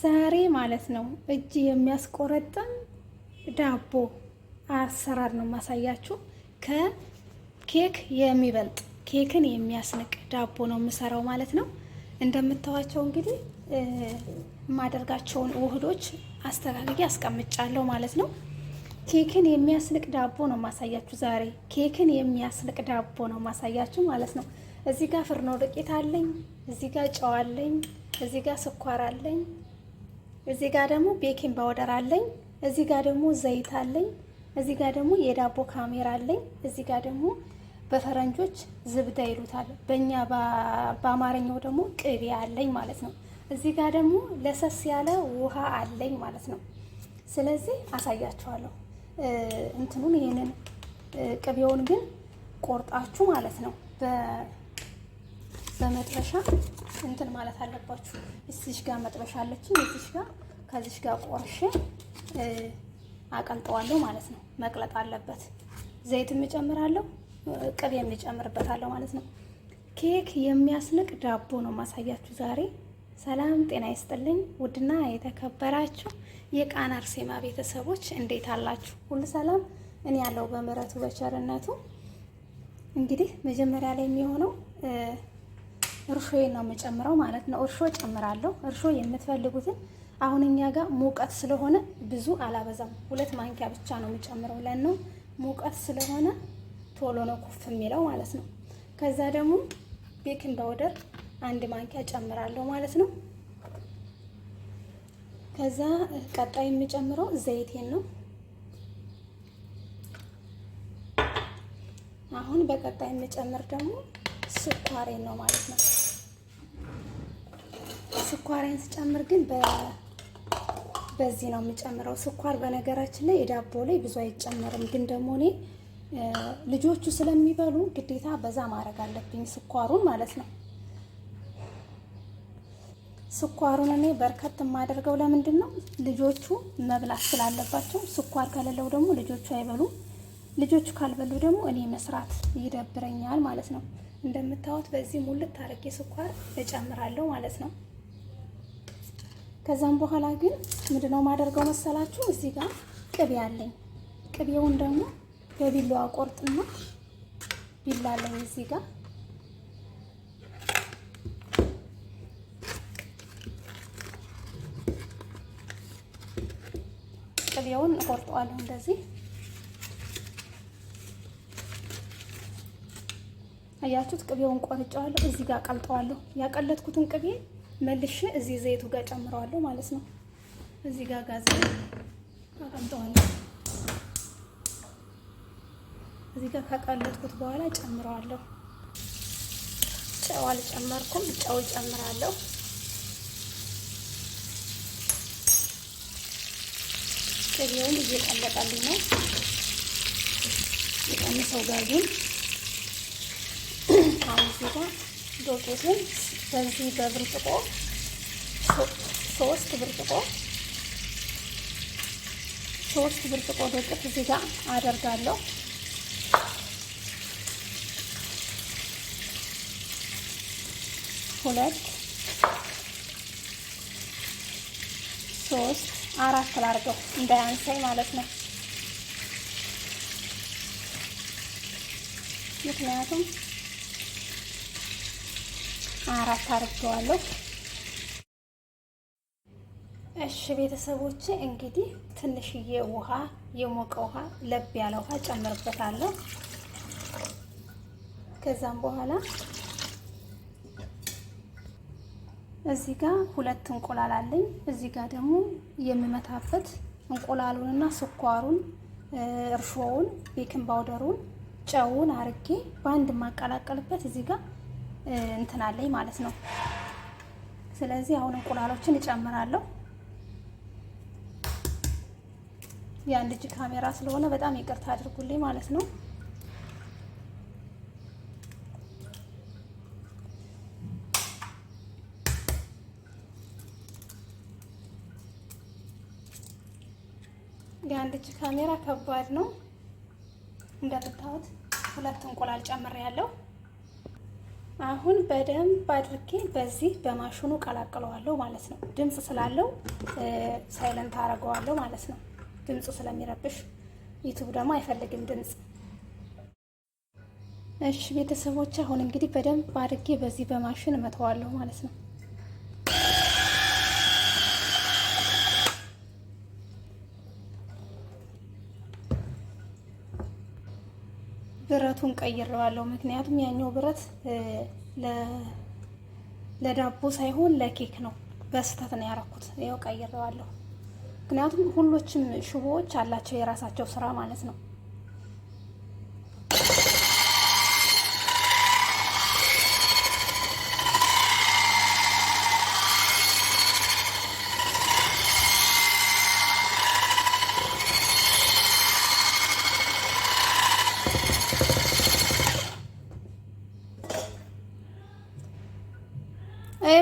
ዛሬ ማለት ነው እጅ የሚያስቆረጥም ዳቦ አሰራር ነው የማሳያችሁ። ከኬክ የሚበልጥ ኬክን የሚያስንቅ ዳቦ ነው የምሰራው ማለት ነው። እንደምታዋቸው እንግዲህ የማደርጋቸውን ውህዶች አስተካክዬ አስቀምጫለሁ ማለት ነው። ኬክን የሚያስንቅ ዳቦ ነው ማሳያችሁ ዛሬ። ኬክን የሚያስንቅ ዳቦ ነው ማሳያችሁ ማለት ነው። እዚህ ጋር ፍርኖ ዱቄት አለኝ፣ እዚህ ጋር ጨው አለኝ፣ እዚህ ጋር ስኳር አለኝ እዚህ ጋር ደግሞ ቤኪንግ ባውደር አለኝ። እዚህ ጋር ደግሞ ዘይት አለኝ። እዚህ ጋር ደግሞ የዳቦ ካሜራ አለኝ። እዚህ ጋር ደግሞ በፈረንጆች ዝብዳ ይሉታል፣ በእኛ በአማርኛው ደግሞ ቅቤ አለኝ ማለት ነው። እዚህ ጋር ደግሞ ለሰስ ያለ ውሃ አለኝ ማለት ነው። ስለዚህ አሳያችኋለሁ እንትኑን ይሄንን ቅቤውን ግን ቆርጣችሁ ማለት ነው በመጥበሻ እንትን ማለት አለባችሁ። እዚሽ ጋር መጥበሻ አለችኝ። እዚሽ ጋር ከዚሽ ጋር ቆርሼ አቀልጠዋለሁ ማለት ነው። መቅለጥ አለበት። ዘይትም የምጨምራለሁ፣ ቅቤም የምጨምርበታለሁ ማለት ነው። ኬክ የሚያስንቅ ዳቦ ነው ማሳያችሁ ዛሬ። ሰላም ጤና ይስጥልኝ። ውድና የተከበራችሁ የቃና አርሴማ ቤተሰቦች እንዴት አላችሁ? ሁሉ ሰላም? እኔ ያለው በምሕረቱ በቸርነቱ። እንግዲህ መጀመሪያ ላይ የሚሆነው እርሾዬን ነው የምጨምረው ማለት ነው። እርሾ ጨምራለሁ። እርሾ የምትፈልጉትን አሁን እኛ ጋር ሙቀት ስለሆነ ብዙ አላበዛም። ሁለት ማንኪያ ብቻ ነው የምጨምረው። ነው ሙቀት ስለሆነ ቶሎ ነው ኩፍ የሚለው ማለት ነው። ከዛ ደግሞ ቤኪንግ ፓውደር አንድ ማንኪያ ጨምራለሁ ማለት ነው። ከዛ ቀጣይ የምጨምረው ዘይቴን ነው። አሁን በቀጣይ የምጨምር ደግሞ ስኳሬን ነው ማለት ነው። ስኳሬን ስጨምር ግን በዚህ ነው የምጨምረው። ስኳር በነገራችን ላይ የዳቦ ላይ ብዙ አይጨመርም፣ ግን ደግሞ እኔ ልጆቹ ስለሚበሉ ግዴታ በዛ ማድረግ አለብኝ ስኳሩን ማለት ነው። ስኳሩን እኔ በርከት የማደርገው ለምንድን ነው? ልጆቹ መብላት ስላለባቸው። ስኳር ከሌለው ደግሞ ልጆቹ አይበሉም። ልጆቹ ካልበሉ ደግሞ እኔ መስራት ይደብረኛል ማለት ነው። እንደምታዩት በዚህ ሙልት አድርጌ ስኳር እጨምራለሁ ማለት ነው። ከዛም በኋላ ግን ምንድነው ማደርገው መሰላችሁ? እዚህ ጋር ቅቤ አለኝ። ቅቤውን ደግሞ በቢላዋ ቆርጥና ቢላ አለኝ እዚህ ጋር ቅቤውን እቆርጠዋለሁ እንደዚህ አያችሁት? ቅቤውን ቆርጨዋለሁ፣ እዚህ ጋር ቀልጠዋለሁ። ያቀለጥኩትን ቅቤ መልሼ እዚህ ዘይቱ ጋር ጨምረዋለሁ ማለት ነው። እዚህ ጋር ጋዜ አቀምጠዋለሁ። እዚህ ጋር ካቀለጥኩት በኋላ ጨምረዋለሁ። ጨው አልጨመርኩም፣ ጨው ጨምራለሁ። ቅቤውን እየቀለጠልኝ ነው የቀንሰው ጋዙን አሁን እዚህ ጋር ዶቄቱን በዚህ በብርጭቆ ሶስት ብርጭቆ ሶስት ብርጭቆ ዱቄት እዚህ ጋር አደርጋለሁ። ሁለት ሶስት አራት ላርገው እንዳያንሳይ ማለት ነው። ምክንያቱም አራት አድርጌዋለሁ። እሺ ቤተሰቦች እንግዲህ ትንሽዬ ውሃ የሞቀ ውሃ ለብ ያለ ውሃ ጨምርበታለሁ። ከዛም በኋላ እዚህ ጋር ሁለት እንቁላል አለኝ። እዚህ ጋር ደግሞ የምመታበት እንቁላሉንና ስኳሩን፣ እርሾውን፣ ቤኪንግ ፓውደሩን፣ ጨውን አርጌ በአንድ የማቀላቀልበት እዚህ ጋር እንትን ማለት ነው። ስለዚህ አሁን እንቁላሎችን እጨምራለሁ። የአንድ እጅ ካሜራ ስለሆነ በጣም ይቅርታ አድርጉልኝ ማለት ነው። የአንድ እጅ ካሜራ ከባድ ነው። እንደምታዩት ሁለት እንቁላል ጨምሬያለሁ። አሁን በደንብ አድርጌ በዚህ በማሽኑ ቀላቅለዋለሁ ማለት ነው። ድምፅ ስላለው ሳይለንት አረገዋለሁ ማለት ነው። ድምፁ ስለሚረብሽ ዩቱብ ደግሞ አይፈልግም ድምፅ። እሺ ቤተሰቦች፣ አሁን እንግዲህ በደንብ አድርጌ በዚህ በማሽን እመተዋለሁ ማለት ነው። ብረቱን ቀይሬዋለሁ። ምክንያቱም ያኛው ብረት ለዳቦ ሳይሆን ለኬክ ነው፣ በስህተት ነው ያረኩት። ያው ቀይሬዋለሁ። ምክንያቱም ሁሎችም ሽቦዎች አላቸው የራሳቸው ስራ ማለት ነው።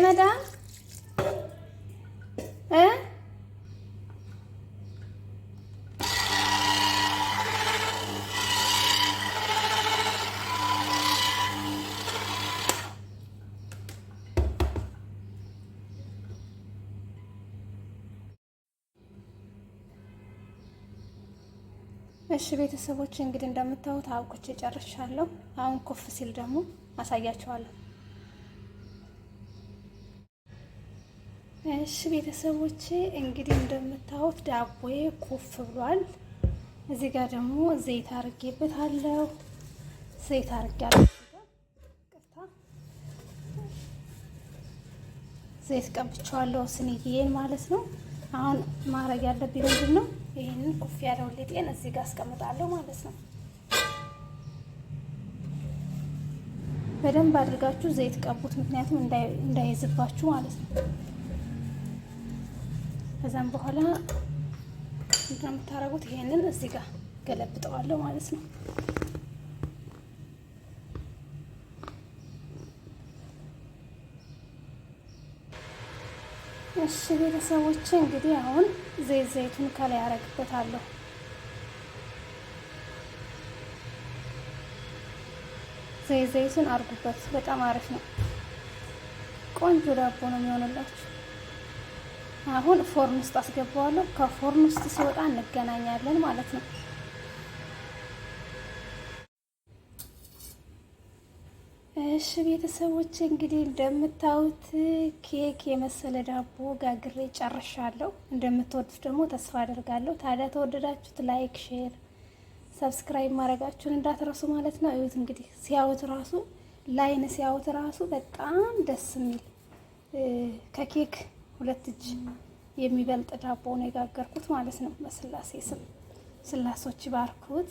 መዳም እሺ ቤተሰቦች እንግዲህ እንደምታዩት አብኩቼ ጨርሻለሁ። አሁን ኮፍ ሲል ደግሞ አሳያችኋለሁ። እሺ ቤተሰቦቼ እንግዲህ እንደምታዩት ዳቦዬ ኮፍ ብሏል። እዚህ ጋር ደግሞ ዘይት አርጌበት አለው ዘይት አርጌ ቅርታ ዘይት ቀብቼዋለሁ ስንዬን ማለት ነው። አሁን ማድረግ ያለብኝ ምንድን ነው? ይህንን ኮፍ ያለውን ሊጤን እዚህ ጋር አስቀምጣለሁ ማለት ነው። በደንብ አድርጋችሁ ዘይት ቀቡት፣ ምክንያቱም እንዳይዝባችሁ ማለት ነው። ከዛም በኋላ ምንድን የምታደርጉት? ይሄንን እዚህ ጋር ገለብጠዋለሁ ማለት ነው። እሺ ቤተሰቦች እንግዲህ አሁን ዘይት ዘይቱን ከላይ ያደርግበታለሁ። ዘይት ዘይቱን አድርጉበት። በጣም አሪፍ ነው። ቆንጆ ዳቦ ነው የሚሆንላችሁ። አሁን ፎርን ውስጥ አስገባዋለሁ። ከፎርን ውስጥ ሲወጣ እንገናኛለን ማለት ነው። እሺ ቤተሰቦች እንግዲህ እንደምታዩት ኬክ የመሰለ ዳቦ ጋግሬ ጨርሻለሁ። እንደምትወዱት ደግሞ ተስፋ አደርጋለሁ። ታዲያ ተወደዳችሁት ላይክ፣ ሼር፣ ሰብስክራይብ ማድረጋችሁን እንዳትረሱ ማለት ነው። እዩት እንግዲህ ሲያዩት ራሱ ላይን ሲያዩት ራሱ በጣም ደስ የሚል ከኬክ ሁለት እጅ የሚበልጥ ዳቦ ነው የጋገርኩት ማለት ነው። በስላሴ ስም ስላሶች ባርኩት።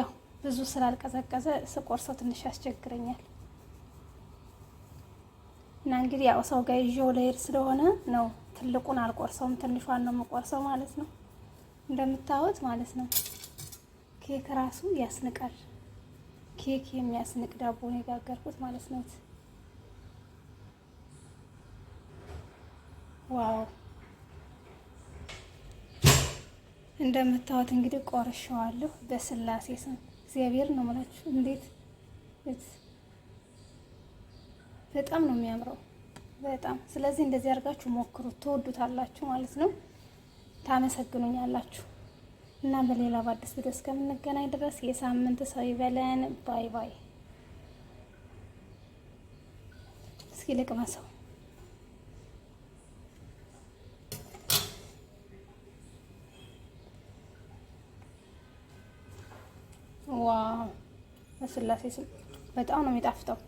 ያው ብዙ ስላልቀዘቀዘ ስቆርሰው ትንሽ ያስቸግረኛል እና እንግዲህ ያው ሰው ጋር ይዤው ልሄድ ስለሆነ ነው ትልቁን አልቆርሰውም፣ ትንሿን ነው የምቆርሰው ማለት ነው። እንደምታዩት ማለት ነው ኬክ ራሱ ያስንቃል። ኬክ የሚያስንቅ ዳቦ ነው የጋገርኩት ማለት ነው። ዋው እንደምታዩት እንግዲህ ቆርሸዋለሁ በስላሴ ስም እግዚአብሔር ነው የምላችሁ። እንዴት በጣም ነው የሚያምረው በጣም ስለዚህ እንደዚህ አድርጋችሁ ሞክሩት፣ ትወዱታላችሁ ማለት ነው፣ ታመሰግኑኛላችሁ። እና በሌላ በአዲስ ቪዲዮ እስከምንገናኝ ድረስ የሳምንት ሰው ይበለን። ባይ ባይ። እስኪ ልቅመሰው ዋው! በስላሴ ስም በጣም ነው የሚጣፍጠው።